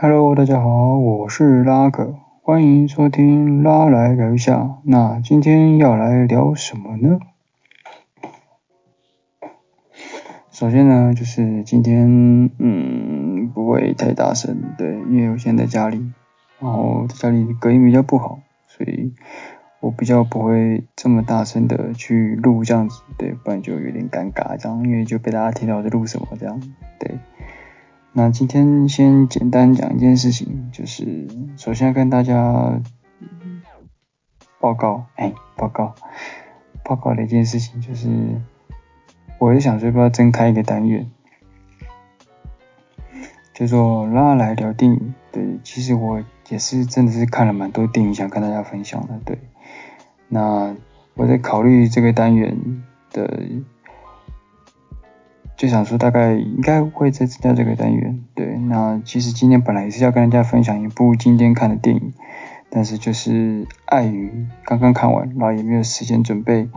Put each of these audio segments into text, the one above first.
Hello，大家好，我是拉哥，歡迎收聽拉來聊一下。那今天要來聊什麼呢？首先呢，就是今天嗯，不會太大聲，對，因為我現在家裡，然後在家裡隔音比較不好，所以我比較不會這麼大聲的去錄這樣子，對，不然就有點尷尬這樣，因為就被大家聽到在錄什麼這樣，對。那今天先簡單講一件事情，就是首先要跟大家報告，哎、欸，報告，報告的一件事情就是，我也是想說，要不要增開一個單元，叫做拉來聊電影。對，其實我也是真的是看了蠻多電影，想跟大家分享的。對，那我在考慮這個單元的。就想說大概應該會再增加這個單元。對，那其實今天本來也是要跟大家分享一部今天看的電影，但是就是礙於剛剛看完，然後也沒有時間準備，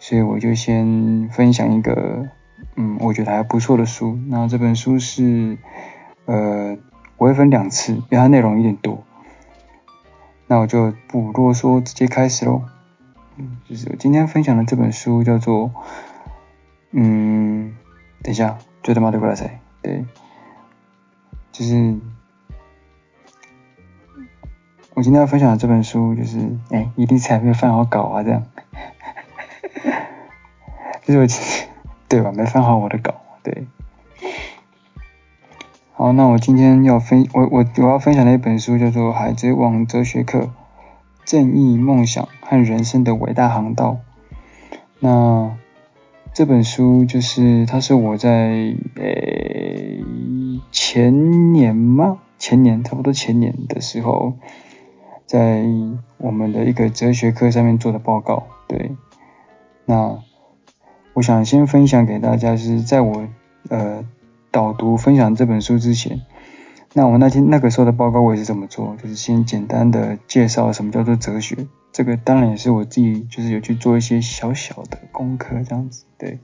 所以我就先分享一個，嗯，我覺得還不錯的書。那這本書是，呃，我會分兩次，因為它內容有點多。那我就不多說，直接開始嘍。嗯，就是我今天分享的這本書叫做，嗯。等一下，就他媽對過來噻。對，就是我今天要分享的這本書，就是誒一定是還沒翻好稿啊這樣。就是我今天對吧，沒翻好我的稿，對。好，那我今天要分，我我我要分享的一本書叫做《海賊王哲學課：正義夢想和人生的偉大航道》。那。這本書就是，它是我在呃、欸、前年嗎？前年差不多前年的時候，在我們的一個哲學課上面做的報告。對，那我想先分享給大家，就是在我呃導讀分享這本書之前，那我那天那個時候的報告我也是這麼做，就是先簡單的介紹什麼叫做哲學。這個當然也是我自己，就是有去做一些小小的功課這樣子，對。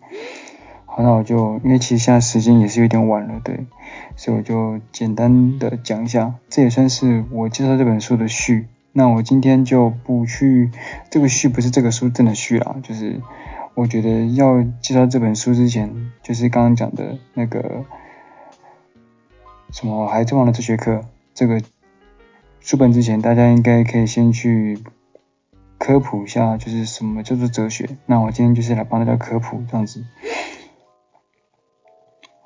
好，那我就因為其實現在時間也是有點晚了，對。所以我就簡單的講一下，這也算是我介紹這本書的序。那我今天就不去，這個序不是這個書正的序啊，就是我覺得要介紹這本書之前，就是剛剛講的那個什麼海賊王的哲學課這個書本之前，大家應該可以先去。科普一下，就是什麼叫做哲學。那我今天就是來幫大家科普這樣子。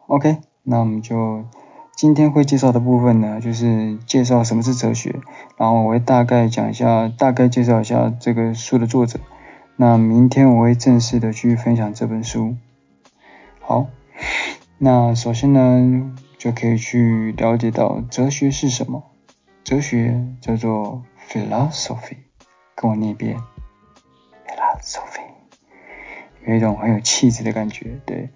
OK，那我們就今天會介紹的部分呢，就是介紹什麼是哲學，然後我會大概講一下，大概介紹一下這個書的作者。那明天我會正式的去分享這本書。好，那首先呢，就可以去了解到哲學是什麼。哲學叫做 philosophy。跟我那邊，s o p h i e 有一種很有氣質的感覺。對，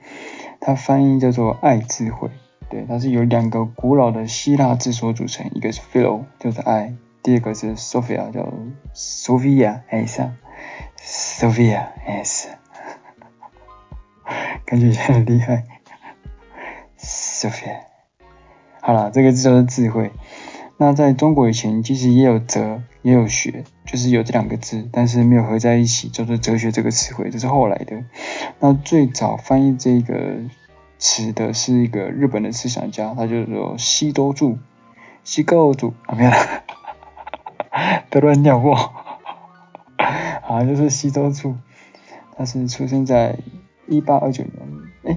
它翻譯叫做“愛智慧”。對，它是由兩個古老的希臘字所組成，一個是 philo，就是愛；第二個是 Sophia，叫 Sophia，s 呀 s o v i a s 感覺也很厲害。 Sophia，好啦，這個字叫做智慧。那在中國以前其實也有哲。沒有學，就是有這兩個字，但是沒有合在一起，就是“哲學”這個詞彙，這、就是後來的。那最早翻譯這個詞的是一個日本的思想家，他就是說西周助、西構助，啊沒有了，都 亂尿咬 好啊，就是西周助，他是出生在一八二九年，哎，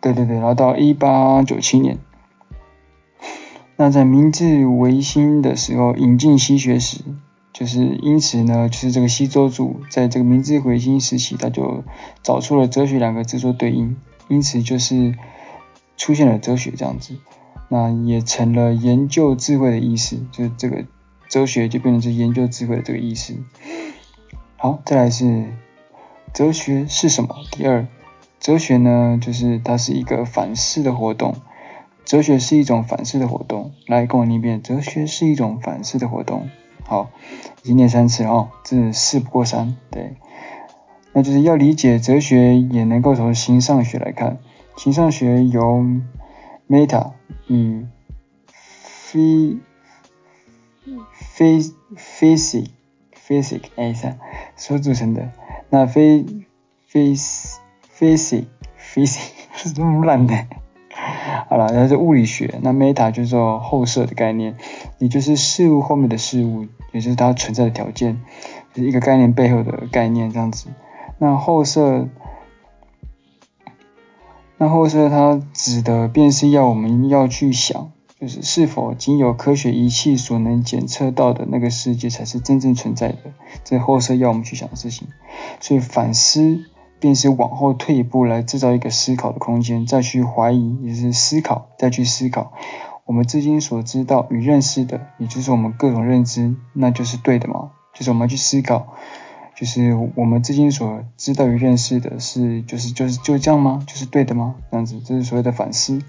對對對，然後到一八九七年。那在明治維新的時候引進西學時，就是因此呢，就是這個西周助在這個明治維新時期，他就找出了哲學兩個字做對應，因此就是出現了哲學這樣子，那也成了研究智慧的意思，就是這個哲學就變成是研究智慧的這個意思。好，再來是哲學是什麼？第二，哲學呢，就是它是一個反思的活動。哲學是一種反思的活動。來，跟我念一遍：哲學是一種反思的活動。好，已經念三次哦，這事不過三。對，那就是要理解哲學，也能夠從形上學來看。形上學由 meta 與 phys phys physica 所組成的。那 phys phys physic 是這麼亂的？好了，那是物理學。那 meta 就是說後設的概念，也就是事物後面的事物，也就是它存在的條件，就是一個概念背後的概念這樣子。那後設，那後設它指的便是要我們要去想，就是是否僅有科學儀器所能檢測到的那個世界才是真正存在的，這後設要我們去想的事情。所以反思。便是往後退一步來製造一個思考的空間，再去懷疑，也是思考，再去思考我們至今所知道與認識的，也就是我們各種認知，那就是對的嗎？就是我們去思考，就是我們至今所知道與認識的是，就是就是就這樣嗎？就是對的嗎？這樣子，這是所謂的反思。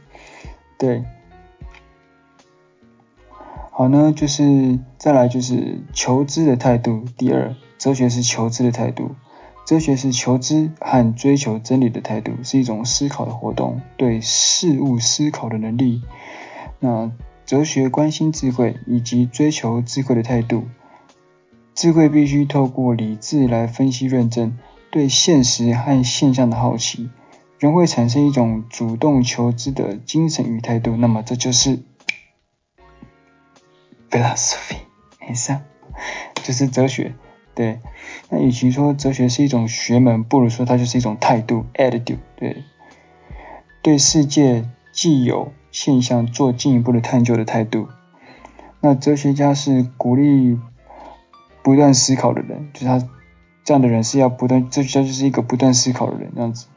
對，好呢，就是再來就是求知的態度。第二，哲學是求知的態度。哲學是求知和追求真理的態度，是一種思考的活動，對事物思考的能力。那哲學關心智慧以及追求智慧的態度，智慧必須透過理智來分析論證，對現實和現象的好奇，人會產生一種主動求知的精神與態度。那麼這就是 philosophy，沒錯、啊，這、就是哲學。對，那與其說哲學是一種學門，不如說它就是一種態度，attitude。對，對世界既有現象做進一步的探究的態度。那哲學家是鼓勵不斷思考的人，就是他這樣的人是要不斷，哲學家就是一個不斷思考的人這樣子。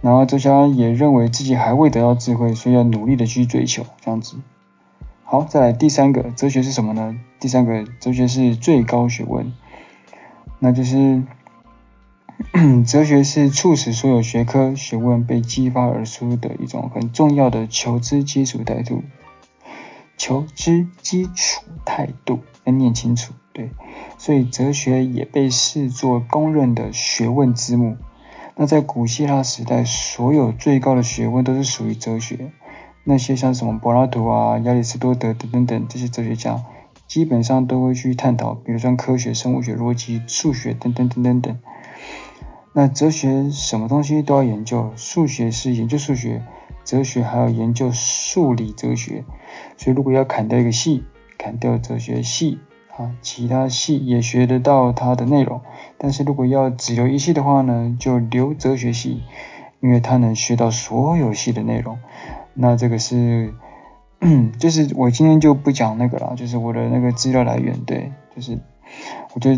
然後哲學家也認為自己還未得到智慧，所以要努力的去追求這樣子。好，再來第三個，哲學是什麼呢？第三個，哲學是最高學問。那就是哲學是促使所有學科學問被激發而出的一種很重要的求知基礎態度，求知基礎態度要念清楚，對，所以哲學也被視作公認的學問之母。那在古希臘時代，所有最高的學問都是屬於哲學，那些像什麼柏拉圖啊、亞里士多德等等等這些哲學家。基本上都會去探討，比如說科學、生物學、邏輯、數學等等等等等。那哲學什麼東西都要研究，數學是研究數學，哲學還要研究數理哲學。所以如果要砍掉一個系，砍掉哲學系啊，其他系也學得到它的內容。但是如果要只留一系的話呢，就留哲學系，因為它能學到所有系的內容。那這個是。嗯， 就是我今天就不講那個了，就是我的那個資料來源，對，就是我就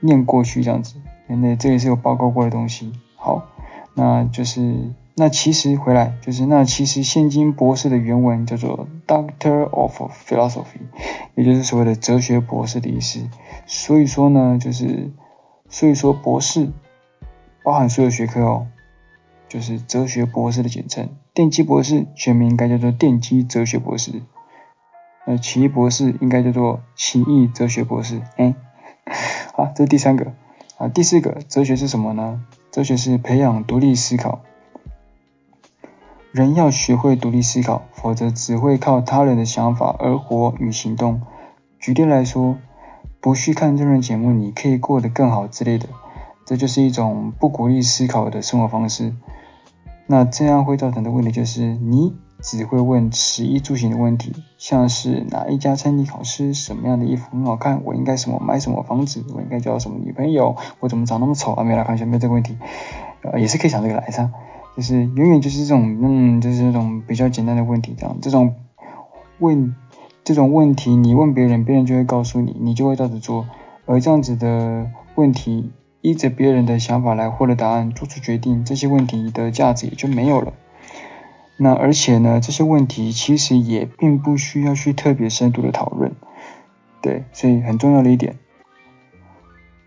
念過去這樣子，那這也是有報告過的東西。好，那就是那其實回來就是那其實現今博士的原文叫做 Doctor of Philosophy，也就是所謂的哲學博士的意思。所以說呢，就是所以說博士包含所有學科哦。就是哲學博士的簡稱。電機博士全名應該叫做電機哲學博士。呃，奇異博士應該叫做奇異哲學博士。嗯，好，這是第三個。啊，第四個，哲學是什麼呢？哲學是培養獨立思考。人要學會獨立思考，否則只會靠他人的想法而活與行動。舉例來說，不去看這種節目，你可以過得更好之類的，這就是一種不鼓勵思考的生活方式。那這樣會造成的問題就是，你只會問吃、衣、住、行的問題，像是哪一家餐廳好吃，什麼樣的衣服很好看，我應該什麼買什麼房子，我應該交什麼女朋友，我怎麼長那麼醜啊？沒有來看，就沒有這個問題，呃，也是可以想這個來噻，就是永遠就是這種，嗯，就是這種比較簡單的問題這樣，這種問這種問題你問別人，別人就會告訴你，你就會照着做，而、呃、這樣子的問題。依着別人的想法來獲得答案、做出決定，這些問題的價值也就沒有了。那而且呢，這些問題其實也並不需要去特別深度的討論。對，所以很重要的一點，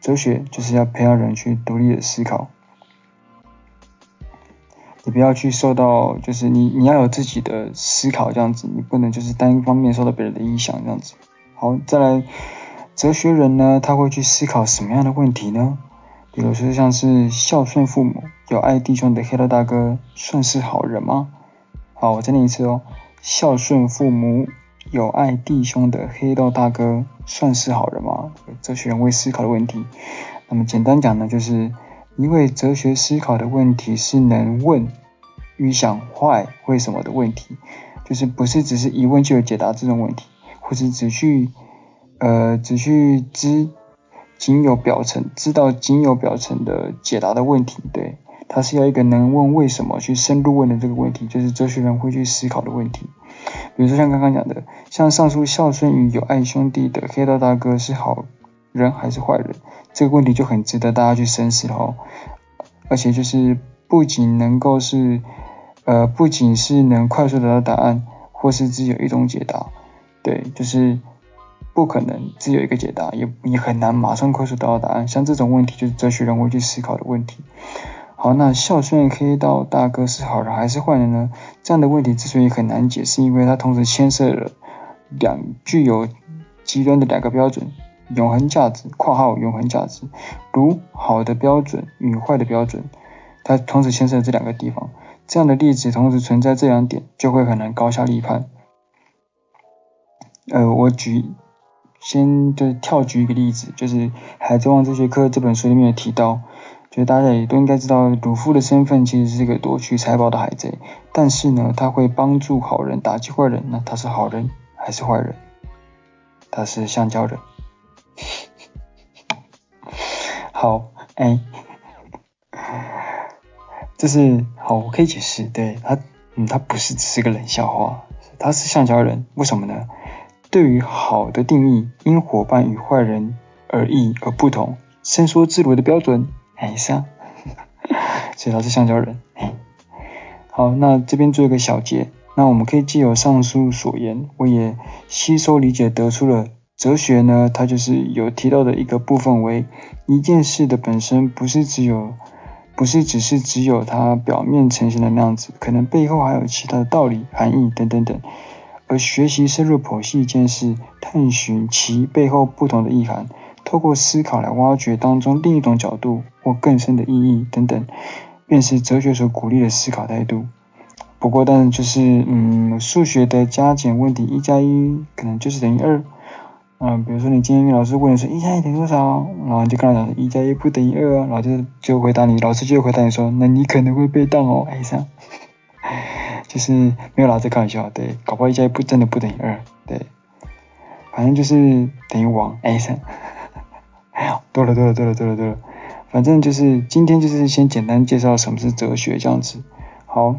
哲學就是要培養人去獨立的思考。你不要去受到，就是你你要有自己的思考這樣子，你不能就是單方面受到別人的影響這樣子。好，再來，哲學人呢，他會去思考什麼樣的問題呢？比如說像是孝順父母、有愛弟兄的黑道大哥，算是好人嗎？好，我再念一次哦，孝順父母、有愛弟兄的黑道大哥，算是好人嗎？哲學人會思考的問題。那麼簡單講呢，就是因為哲學思考的問題是能問與想壞為什麼的問題，就是不是只是一問就解答這種問題，或是只去呃只去知。僅有表層知道，僅有表層的解答的問題，對，他是要一個能問為什麼去深度問的這個問題，就是哲學人會去思考的問題。比如說像剛剛講的，像上述孝順與友愛兄弟的黑道大哥是好人還是壞人？這個問題就很值得大家去深思了哦。而且就是不僅能夠是，呃，不僅是能快速得到答案，或是只有一種解答，對，就是。不可能只有一個解答，也也很難馬上快速得到答案。像這種問題就是哲學人會去思考的問題。好，那孝順黑道大哥是好人還是壞人呢？這樣的問題之所以很難解釋，是因為它同時牽涉了兩具有極端的兩個標準：永恆價值（括號永恆價值），如好的標準與壞的標準。它同時牽涉這兩個地方，這樣的例子同時存在這兩點，就會很難高下立判。呃，我舉。先就是跳舉一個例子，就是《海賊王》的哲學課這本書裡面有提到，就是大家也都應該知道，魯夫的身份其實是個奪取財寶的海賊，但是呢，他會幫助好人，打擊壞人，那他是好人還是壞人？他是橡膠人。 好，哎、欸，就 是好，我可以解釋，對，他，嗯，他不是只是個冷笑話，他是橡膠人，為什麼呢？對於好的定義，因夥伴與壞人而異而不同。伸縮自如的標準是、啊，等一下，這他是橡膠人。好，那這邊做一個小結。那我們可以藉由上述所言，我也吸收理解得出了哲學呢，它就是有提到的一個部分為一件事的本身，不是只有，不是只是只有它表面呈現的那樣子，可能背後還有其他的道理、含義等等等。而學習深入剖析一件事，探尋其背後不同的意涵，透過思考來挖掘當中另一種角度或更深的意義等等，便是哲學所鼓勵的思考態度。不過，當然就是，嗯，數學的加減問題，一加一可能就是等於二。嗯、呃，比如說你今天老師問你說一加一等於多少，然後你就跟他講一加一不等於二，哦，然後就就回答你，老師就回答你說，那你可能會被當哦，哎呀、啊。就是沒有拿這開玩笑，對，搞不好一加一不真的不等於二，對，反正就是等於王，哎、欸、呀 多了多了多了多了多了，反正就是今天就是先簡單介紹什麼是哲學這樣子，好，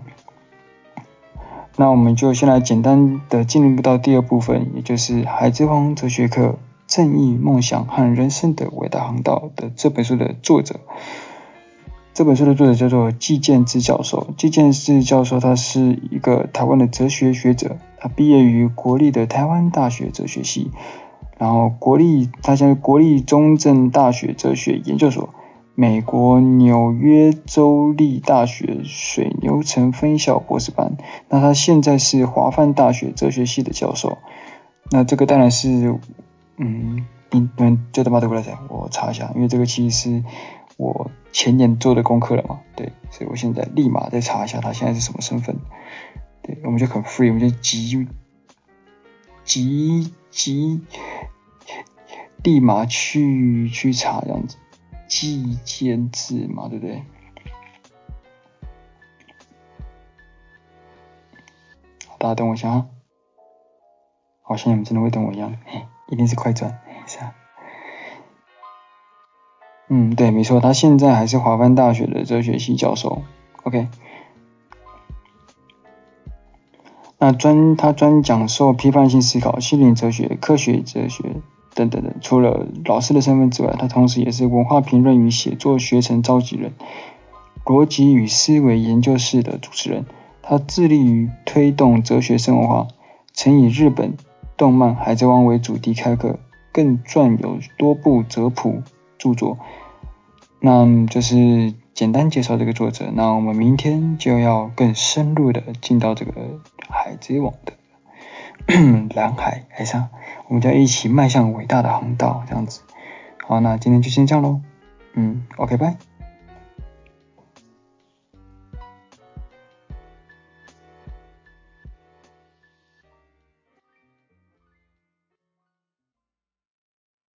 那我們就先來簡單的進入到第二部分，也就是《海賊王的哲學課：正義、夢想和人生的偉大航道》的這本書的作者。這本書的作者叫做冀劍制教授。冀劍制教授，他是一個台灣的哲學學者，他畢業於國立的台灣大學哲學系，然後國立他現在國立中正大學哲學研究所，美國紐約州立大學水牛城分校博士班。那他現在是華梵大學哲學系的教授。那這個當然是，嗯，你們最他媽的過來噻，我查一下，因為這個其實是。我前年做的功課了嘛，對，所以我現在立馬再查一下他現在是什麼身份，對，我們就很 free，我們就急急急，立馬去去查這樣子，冀劍制嘛，對不對？大家等我一下哈，好像你們真的會等我一樣，哎，一定是快轉，是啊。嗯，對，沒錯，他現在還是華梵大學的哲學系教授。OK，那專他專講授批判性思考、心靈哲學、科學哲學等等等。除了老師的身份之外，他同時也是文化評論與寫作學程召集人、邏輯與思維研究室的主持人。他致力於推動哲學生活化，曾以日本動漫《海賊王》為主題開課，更撰有多部哲普。著作。那就是簡單介紹這個作者，那我們明天就要更深入的進到這個海賊王的藍 海海上，我們就要一起邁向偉大的航道這樣子。好，那今天就先這樣嘍，嗯，OK，拜。